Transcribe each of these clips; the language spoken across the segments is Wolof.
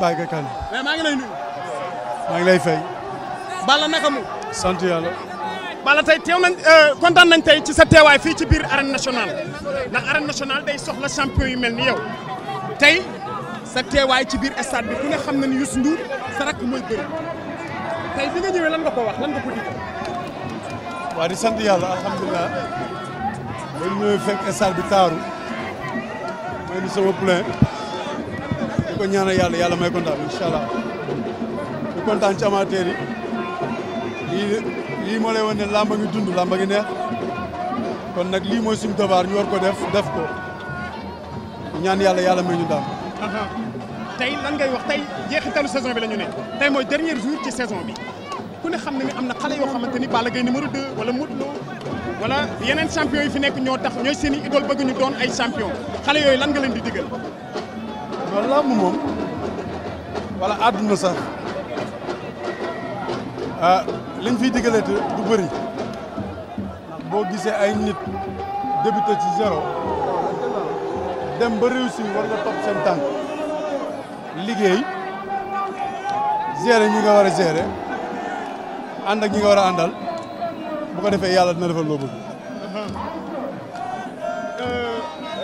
Baye Kane. mais maa ngi lay nuyu. maa ngi lay fay. Balla naka mu. sant yàlla. Balla tey teew nañ euh, kontaan nañ tey ci sa teewaay fii ci biir arène nationale ndax arène nationale day soxla champion yu mel ni yow tey sa teewaay ci biir stade bi ku ne xam na ni Youssou Ndour sa rakk mooy bëri tey bi nga ñëwee lan nga ko wax lan nga ko digal. waa sant yàlla alhamdulilah man ñooy fekk stade bi taaru man di sama plein. ko ñaanal yàlla yàlla may ko ndam incha allah di kontaan ci lii lii moo lay wan ne làmba ngi dund làmba ñu neex kon nag lii mooy suñu devoir ñu war ko def def ko ñaan yàlla yàlla may ñu ndam. tey lan ngay wax tey jeexitalu saison bi la ñu ne tey mooy dernier jour ci saison bi ku ne xam ne ni am na xale yoo xamante ni Balla Gaye numéro 2 wala Modou Lo wala yeneen champion yi fi nekk ñoo tax ñooy seen i idole bëgg ñu doon ay champion xale yooyu lan nga leen di digal. loolu làmb moom wala àdduna sax ah liñ fiy diggalee te du bëri boo gisee ay nit débuté ci zéro dem ba réussir war nga topp tànk liggéey gérer ñi nga war a gérer ànd ak war a àndal bu ko defee yàlla dina defal loo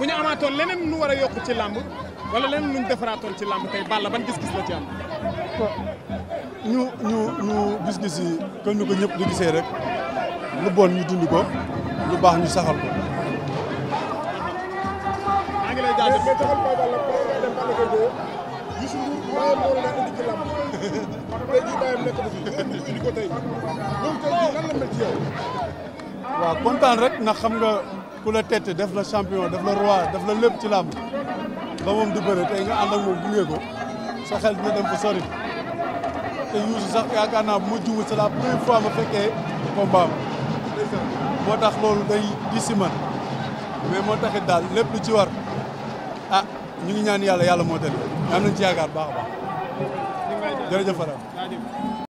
bu ñu amaatoon leneen nu wara a ci lamb wala leneen nu defaraton ci lamb tay Balla ban gis-gis la ci am. ñu ñu ñu gis-gis yi que ñu ko ñëpp di gisee rek lu bon ñu dund ko lu bax ñu saxal ko. ngi lay jaajëf mais taxal Balla dem Balla rek ku la tette def la champion def la roi def la lépp ci làmb ba moom du bëre tey nga ànd ak moom gunge ko sa dina dem fa sori te Youssou sax yaakaar naa bu ma juumul c'est la première fois ma fekkee combat am moo tax loolu day di si man mais moo taxit daal lépp lu ci war ah ñu ngi ñaan yàlla yàlla moo tëddee am nañ ci yaakaar baax baax jërëjëf Fara.